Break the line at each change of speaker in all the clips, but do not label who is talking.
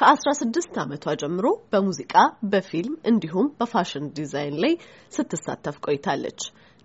ከ16 ዓመቷ ጀምሮ በሙዚቃ በፊልም እንዲሁም በፋሽን ዲዛይን ላይ ስትሳተፍ ቆይታለች።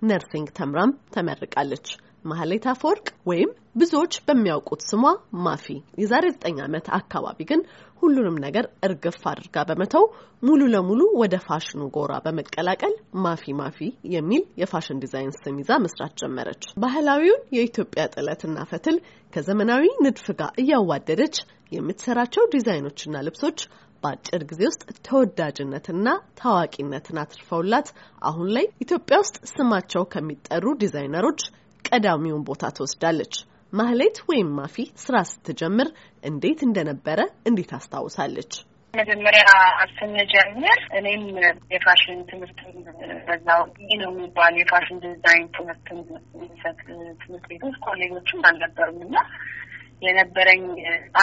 ነርሲንግ ተምራም ተመርቃለች። ማህሌት አፈወርቅ ወይም ብዙዎች በሚያውቁት ስሟ ማፊ የዛሬ 9 ዓመት አካባቢ ግን ሁሉንም ነገር እርግፍ አድርጋ በመተው ሙሉ ለሙሉ ወደ ፋሽኑ ጎራ በመቀላቀል ማፊ ማፊ የሚል የፋሽን ዲዛይን ስም ይዛ መስራት ጀመረች። ባህላዊውን የኢትዮጵያ ጥለትና ፈትል ከዘመናዊ ንድፍ ጋር እያዋደደች የምትሰራቸው ዲዛይኖችና ልብሶች በአጭር ጊዜ ውስጥ ተወዳጅነትና ታዋቂነትን አትርፈውላት አሁን ላይ ኢትዮጵያ ውስጥ ስማቸው ከሚጠሩ ዲዛይነሮች ቀዳሚውን ቦታ ትወስዳለች። ማህሌት ወይም ማፊ ስራ ስትጀምር እንዴት እንደነበረ እንዴት አስታውሳለች?
መጀመሪያ ስንጀምር እኔም የፋሽን ትምህርት በዛው ይህ ነው የሚባል የፋሽን ዲዛይን ትምህርት የሚሰጥ ትምህርት ቤቶች ኮሌጆችም አልነበሩም እና የነበረኝ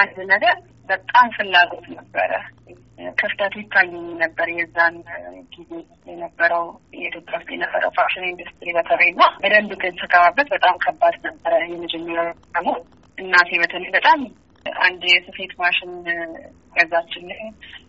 አንድ ነገር በጣም ፍላጎት ነበረ። ክፍተት ይታየኝ ነበር። የዛን ጊዜ የነበረው የኢትዮጵያ ውስጥ የነበረው ፋሽን ኢንዱስትሪ በተለይ ና በደንብ ግን ስገባበት በጣም ከባድ ነበረ። የመጀመሪያ ደግሞ እናቴ በተለይ በጣም አንድ የስፌት ማሽን ገዛችልኝ።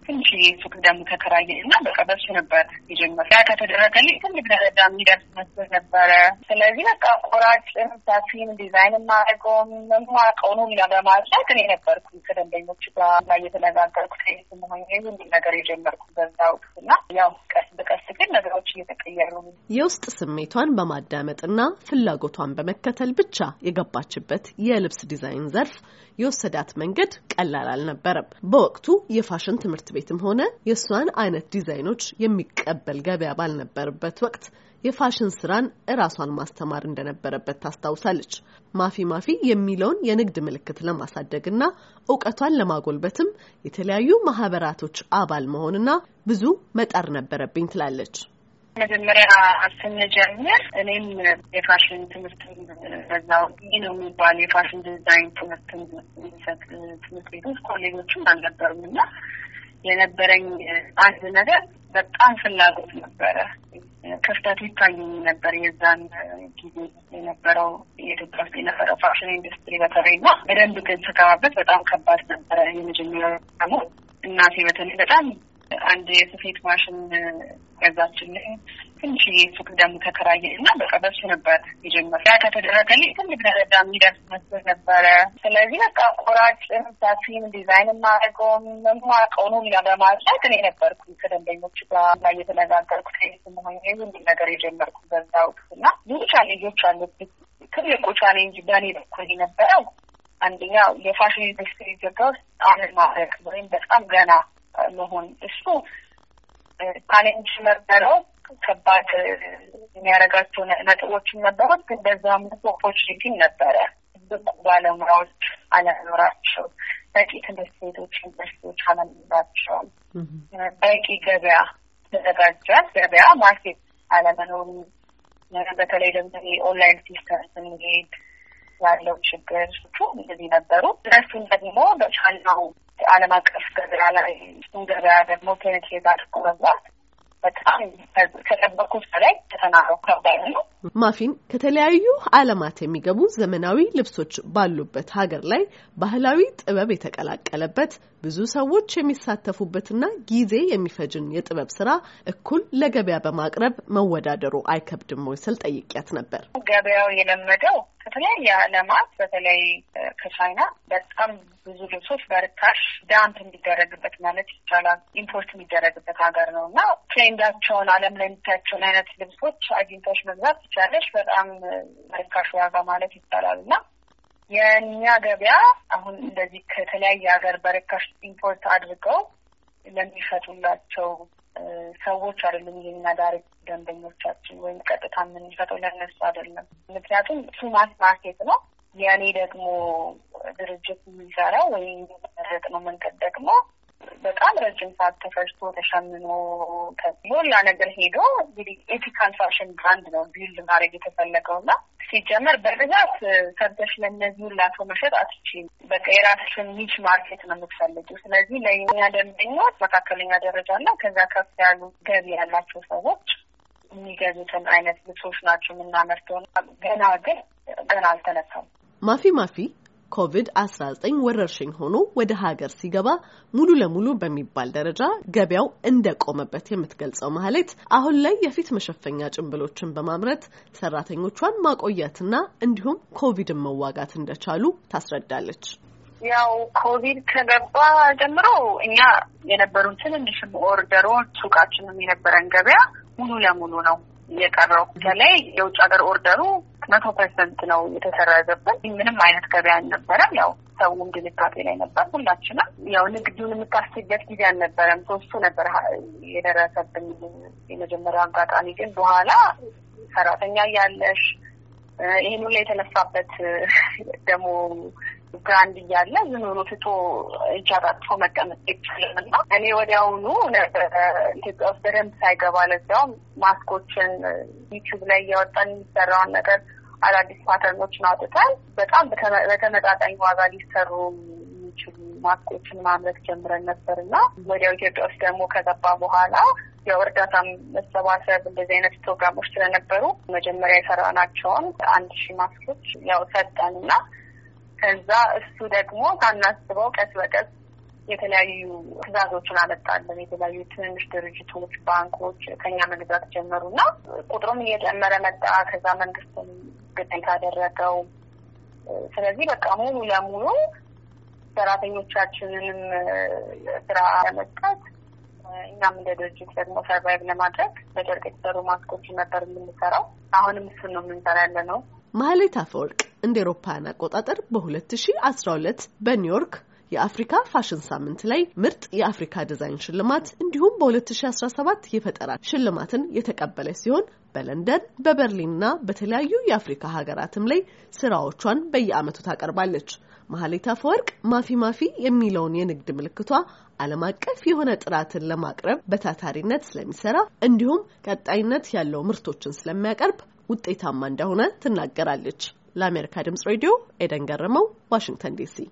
ትንሽ ሱቅ ደግሞ ተከራየ እና በቃ በሱ ነበር የጀመረው። ያ ከተደረገልኝ ትልቅ ደረጃ የሚደርስ መስሎኝ ነበረ። ስለዚህ በቃ ቆራጭም፣ ሰፊም፣ ዲዛይን ማድረገውም የማውቀውን ሁላ በማድረግ እኔ ነበርኩ ከደንበኞች ጋር ላይ የተነጋገርኩት ስመሆኝ ሁሉ ነገር የጀመርኩ በዛ ወቅት እና ያው ቀስ በቀስ ግን ነገር እየተቀየሩ ነው።
የውስጥ ስሜቷን በማዳመጥና ፍላጎቷን በመከተል ብቻ የገባችበት የልብስ ዲዛይን ዘርፍ የወሰዳት መንገድ ቀላል አልነበረም። በወቅቱ የፋሽን ትምህርት ቤትም ሆነ የእሷን አይነት ዲዛይኖች የሚቀበል ገበያ ባልነበረበት ወቅት የፋሽን ስራን እራሷን ማስተማር እንደነበረበት ታስታውሳለች። ማፊ ማፊ የሚለውን የንግድ ምልክት ለማሳደግና እውቀቷን ለማጎልበትም የተለያዩ ማህበራቶች አባል መሆንና ብዙ መጣር ነበረብኝ ትላለች።
መጀመሪያ ስንጀምር እኔም የፋሽን ትምህርት በዛው ነው የሚባል የፋሽን ዲዛይን ትምህርት የሚሰጥ ትምህርት ቤቶች ኮሌጆችም አልነበሩም እና የነበረኝ አንድ ነገር በጣም ፍላጎት ነበረ። ክፍተት ይታየኝ ነበር። የዛን ጊዜ የነበረው የኢትዮጵያ ውስጥ የነበረው ፋሽን ኢንዱስትሪ በተለይ እና በደንብ ግን ስከባበት በጣም ከባድ ነበረ። የመጀመሪያ ደግሞ እናቴ በተለይ በጣም አንድ የስፌት ማሽን ገዛችን ላይ ትንሽዬ ሱቅ ደም ተከራየ እና በቃ በሱ ነበር የጀመረው። ያ ከተደረገልኝ ትልቅ ደረጃ የሚደርስ መስሎኝ ነበረ። ስለዚህ በቃ ቆራጭ ሳፊም ዲዛይን ማድረገውም መማቀው ነው ሚና በማድረግ እኔ ነበርኩ ከደንበኞች ጋር ላይ የተነጋገርኩት መሆኝ ሁሉ ነገር የጀመርኩ በዛ ወቅት እና ብዙ ቻሌንጆች አሉብኝ። ትልቁ ቻሌንጅ በእኔ በኩል የነበረው አንደኛው የፋሽን ኢንዱስትሪ ኢትዮጵያ ውስጥ አሁን ማድረግ ወይም በጣም ገና መሆን እሱ ቻሌንጅ ነበረው። ከባድ የሚያደርጋቸው ነጥቦችም ነበሩት፣ ግን በዛም ኦፖርቹኒቲም ነበረ። ብቁ ባለሙያዎች አለመኖራቸው፣ በቂ ትምህርት ቤቶች፣ ዩኒቨርሲቲዎች አለመኖራቸው፣ በቂ ገበያ ተዘጋጀ ገበያ ማርኬት አለመኖሩ፣ በተለይ ደግሞ የኦንላይን ሲስተም ስንሄድ ያለው ችግር እንደዚህ ነበሩ። እነሱን ደግሞ በቻናው ዓለም አቀፍ ገበያ ላይ እሱም ገበያ ደግሞ ፔኔትሬት አድርጎ መግባት በጣም ከጠበቁት
በላይ ተተናረው ነው። ከባድ ነው። ማፊን ከተለያዩ ዓለማት የሚገቡ ዘመናዊ ልብሶች ባሉበት ሀገር ላይ ባህላዊ ጥበብ የተቀላቀለበት ብዙ ሰዎች የሚሳተፉበትና ጊዜ የሚፈጅን የጥበብ ስራ እኩል ለገበያ በማቅረብ መወዳደሩ አይከብድም ወይ ስል ጠይቄያት ነበር።
ገበያው የለመደው ከተለያየ ዓለማት በተለይ ከቻይና በጣም ብዙ ልብሶች በርካሽ ዳምፕ እንዲደረግበት ማለት ይቻላል ኢምፖርት የሚደረግበት ሀገር ነው እና ትሬንዳቸውን ዓለም ላይ የምታያቸውን አይነት ልብሶች አግኝቶች መግዛት ትችላለች። በጣም ርካሽ ዋጋ ማለት ይባላል እና የእኛ ገበያ አሁን እንደዚህ ከተለያየ ሀገር በርካሽ ኢምፖርት አድርገው ለሚሸጡላቸው ሰዎች አይደለም። የኛ ዳይሬክት ደንበኞቻችን ወይም ቀጥታ የምንሸጠው ለነሱ አይደለም። ምክንያቱም እሱ ማስ ማርኬት ነው። የእኔ ደግሞ ድርጅት የሚሰራው ወይም ረጥ ነው መንገድ ደግሞ በጣም ረጅም ሰዓት ተፈጅቶ ተሸምኖ ሞላ ነገር ሄዶ እንግዲህ ኤቲካል ፋሽን ብራንድ ነው ቢልድ ማድረግ የተፈለገው እና ሲጀመር በብዛት ሰርተሽ ለእነዚህ ላቶ መሸጥ አትችይም። በቃ የራስሽን ኒች ማርኬት ነው የምትፈልጊው። ስለዚህ ለኛ ደንበኞች መካከለኛ ደረጃ እና ከዛ ከፍ ያሉ ገቢ ያላቸው ሰዎች የሚገዙትን አይነት ልብሶች ናቸው የምናመርተው። ገና ግን ገና አልተነካም።
ማፊ ማፊ ኮቪድ-19 ወረርሽኝ ሆኖ ወደ ሀገር ሲገባ ሙሉ ለሙሉ በሚባል ደረጃ ገበያው እንደቆመበት የምትገልጸው ማህሌት አሁን ላይ የፊት መሸፈኛ ጭንብሎችን በማምረት ሰራተኞቿን ማቆየትና እንዲሁም ኮቪድን መዋጋት እንደቻሉ ታስረዳለች።
ያው ኮቪድ ከገባ ጀምሮ እኛ የነበሩን ትንንሽም ኦርደሮች ሱቃችንም የነበረን ገበያ ሙሉ ለሙሉ ነው የቀረው። በተለይ የውጭ ሀገር ኦርደሩ መቶ ፐርሰንት ነው የተሰረዘብን። ምንም አይነት ገበያ አልነበረም። ያው ሰውም ድንጋጤ ላይ ነበር። ሁላችንም ያው ንግዱን የምታስብበት ጊዜ አልነበረም። ሶስቱ ነበር የደረሰብን የመጀመሪያው አጋጣሚ። ግን በኋላ ሰራተኛ እያለሽ ይህን ሁላ የተለፋበት ደግሞ ግራንድ እያለ ዝም ብሎ ትቶ እጃራጥፎ መቀመጥ አይቻልም እና እኔ ወዲያውኑ ኢትዮጵያ ውስጥ በደንብ ሳይገባ ለዚያውም ማስኮችን ዩቲዩብ ላይ እያወጣን የሚሰራውን ነገር አዳዲስ ፓተርኖችን አውጥተን በጣም በተመጣጣኝ ዋጋ ሊሰሩ የሚችሉ ማስኮችን ማምረት ጀምረን ነበር እና ወዲያው ኢትዮጵያ ውስጥ ደግሞ ከገባ በኋላ ያው እርዳታ መሰባሰብ እንደዚህ አይነት ፕሮግራሞች ስለነበሩ መጀመሪያ የሰራናቸውን አንድ ሺህ ማስኮች ያው ሰጠን እና ከዛ እሱ ደግሞ ሳናስበው ቀስ በቀስ የተለያዩ ትእዛዞችን አመጣለን። የተለያዩ ትንንሽ ድርጅቶች፣ ባንኮች ከኛ መግዛት ጀመሩ ጀመሩና ቁጥሩም እየጨመረ መጣ። ከዛ መንግስትም ግዴታ አደረገው። ስለዚህ በቃ ሙሉ ለሙሉ ሰራተኞቻችንንም ስራ ለመስጠት እኛም እንደ ድርጅት ደግሞ ሰርቫይቭ ለማድረግ በጨርቅ የተሰሩ ማስኮችን ነበር የምንሰራው። አሁንም እሱን ነው የምንሰራ ያለ ነው።
ማህሌት አፈወርቅ እንደ ኤሮፓውያን አቆጣጠር በ2012 በኒውዮርክ የአፍሪካ ፋሽን ሳምንት ላይ ምርጥ የአፍሪካ ዲዛይን ሽልማት እንዲሁም በ2017 የፈጠራ ሽልማትን የተቀበለ ሲሆን በለንደን በበርሊንና በተለያዩ የአፍሪካ ሀገራትም ላይ ስራዎቿን በየአመቱ ታቀርባለች። መሀሌት አፈወርቅ ማፊ ማፊ የሚለውን የንግድ ምልክቷ ዓለም አቀፍ የሆነ ጥራትን ለማቅረብ በታታሪነት ስለሚሰራ እንዲሁም ቀጣይነት ያለው ምርቶችን ስለሚያቀርብ ውጤታማ እንደሆነ ትናገራለች። ለአሜሪካ ድምጽ ሬዲዮ ኤደን ገረመው፣ ዋሽንግተን ዲሲ